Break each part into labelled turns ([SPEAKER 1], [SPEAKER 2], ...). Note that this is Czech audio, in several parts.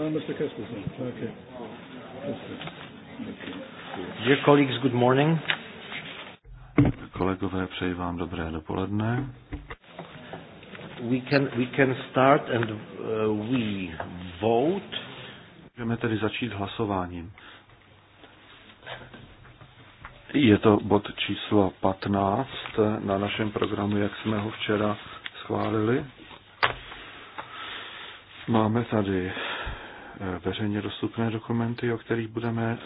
[SPEAKER 1] Uh, Mr. Christensen. Okay. Dear colleagues, good morning. Kolegové, přeji vám dobré dopoledne. We can, we can start and uh, we vote. Můžeme tedy začít hlasováním. Je to bod číslo 15 na našem programu, jak jsme ho včera schválili. Máme tady veřejně dostupné dokumenty, o kterých budeme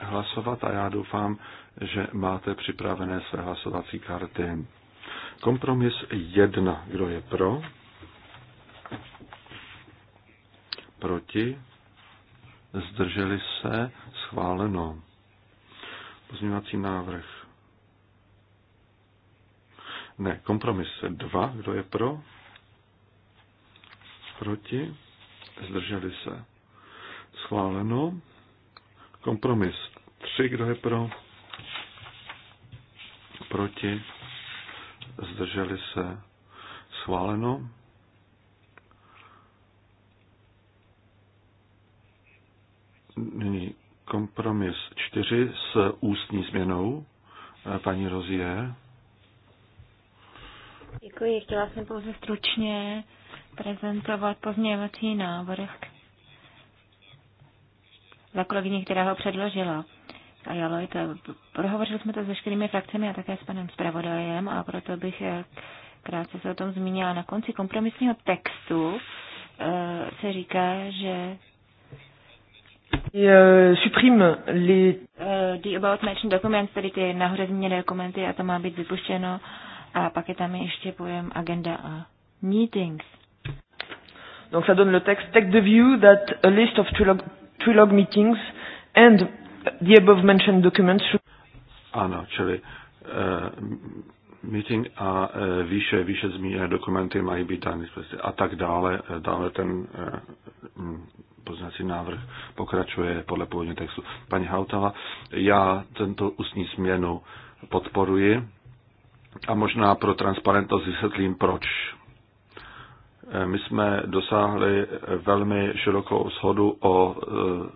[SPEAKER 1] hlasovat a já doufám, že máte připravené své hlasovací karty. Kompromis 1. Kdo je pro? Proti? Zdrželi se? Schváleno. Pozměňovací návrh. Ne, kompromis 2. Kdo je pro? Proti? Zdrželi se? Schváleno. Kompromis 3, kdo je pro? Proti? Zdrželi se? Schváleno. Nyní kompromis 4 s ústní změnou. Eh, paní Rozie. Děkuji. Chtěla jsem pouze stručně prezentovat pozměňovací návrh, za kolegyni, která ho předložila. A jo, to, prohovořili jsme to s veškerými frakcemi a také s panem zpravodajem a proto bych eh, krátce se o tom zmínila. Na konci kompromisního textu eh, se říká, že Et euh, supprime les... Uh, the about mentioned documents, tedy ty nahoře zmíněné dokumenty a to má být vypuštěno. A pak je tam ještě pojem agenda a meetings. Donc ça donne le texte, take the view that a list of trilogue meetings and the above mentioned documents. Should Ano, čili uh, meeting a uh, výše, výše zmíněné dokumenty mají být dány a tak dále. Eh, dále ten uh, poznací návrh pokračuje podle původního textu. Paní Hautala, já tento ústní směnu podporuji a možná pro transparentnost vysvětlím, proč Eh, my jsme dosáhli velmi širokou shodu o eh,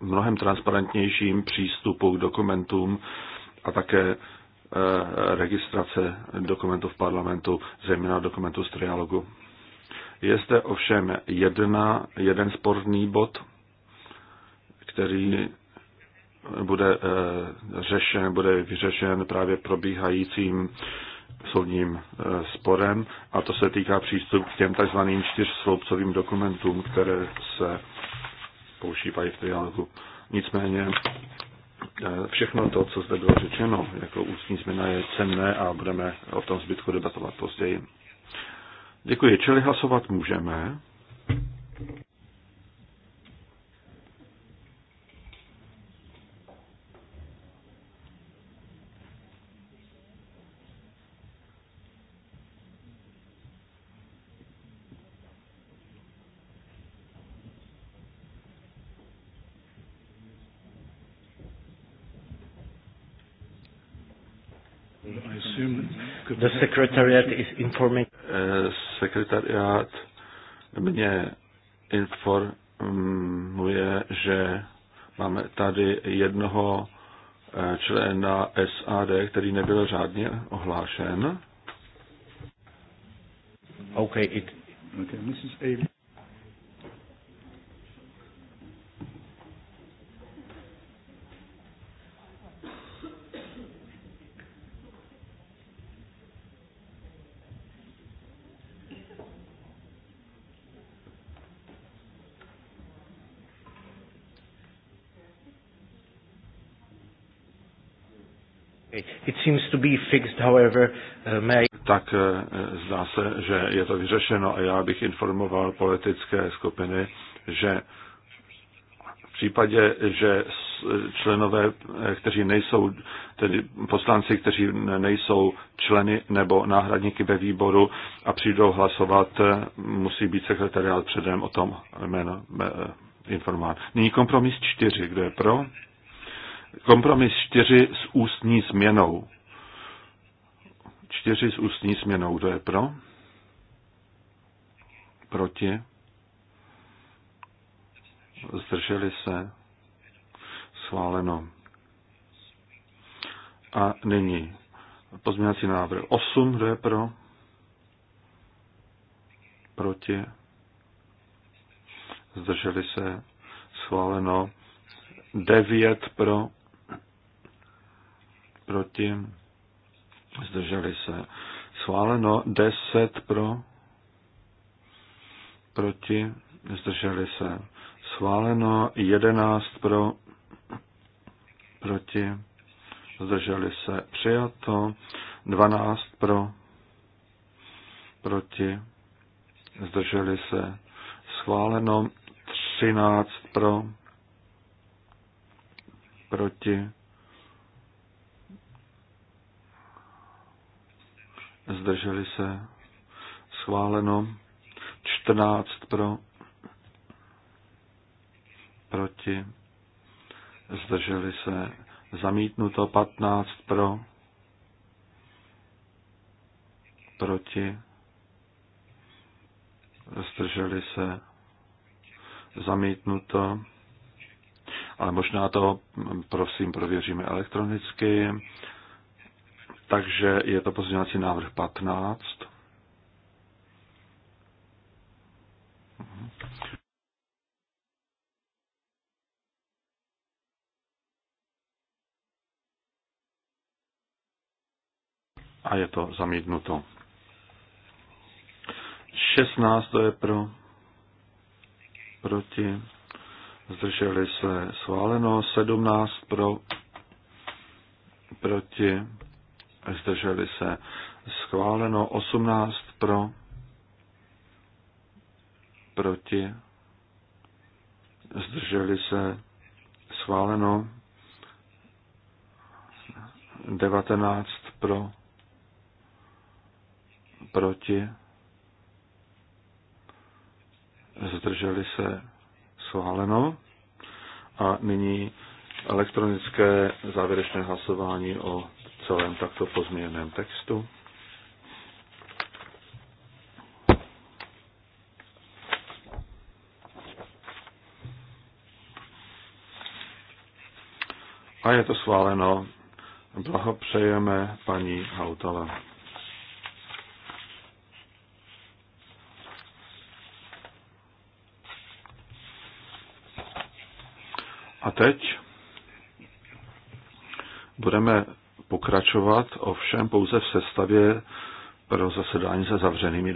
[SPEAKER 1] mnohem transparentnějším přístupu k dokumentům a také eh, registrace dokumentů v parlamentu, zejména dokumentů z trialogu. Je zde ovšem jedna, jeden sporný bod, který bude řešen, bude vyřešen právě probíhajícím soudním e, sporem a to se týká přístup k těm tzv. čtyřsloupcovým dokumentům, které se používají v triálogu. Nicméně e, všechno to, co zde bylo řečeno, jako ústní změna je cenné a budeme o tom zbytku debatovat později. Děkuji. Čili hlasovat můžeme. The secretariat is informing... Eh, sekretariát mě informuje, že máme tady jednoho eh, člena SAD, který nebyl řádně ohlášen. Okay, it... okay, Mrs. A. It seems to be fixed, however, uh, may... Tak eh, zdá se, že je to vyřešeno a já bych informoval politické skupiny, že v případě, že členové, eh, kteří nejsou, tedy poslanci, kteří nejsou členy nebo náhradníky ve výboru a přijdou hlasovat, eh, musí být sekretariát předem o tom jméno informován. Nyní kompromis čtyři, Kdo je pro? Kompromis čtyři s ústní změnou. Čtyři s ústní směnou, Kdo je pro? Proti? Zdrželi se? Schváleno. A nyní pozměňovací návrh 8, kdo je pro? Proti? Zdrželi se? Schváleno. 9 pro? proti, zdrželi se. Schváleno 10 pro, proti, zdrželi se. Schváleno 11 pro, proti, zdrželi se. Přijato 12 pro, proti, zdrželi se. Schváleno 13 pro, proti, zdrželi se, schváleno, 14 pro, proti, zdrželi se, zamítnuto, 15 pro, proti, zdrželi se, zamítnuto, ale možná to, prosím, prověříme elektronicky. Takže je to pozměňovací návrh 15. A je to zamítnuto. 16 to je pro, proti, zdrželi se schváleno, 17 pro, proti, zdrželi se schváleno 18 pro, proti, zdrželi se schváleno 19 pro, proti, zdrželi se schváleno. A nyní elektronické závěrečné hlasování o celém takto pozměněném textu. A je to schváleno. Blahopřejeme paní Hautala. A teď budeme pokračovat ovšem pouze v sestavě pro zasedání se zavřenými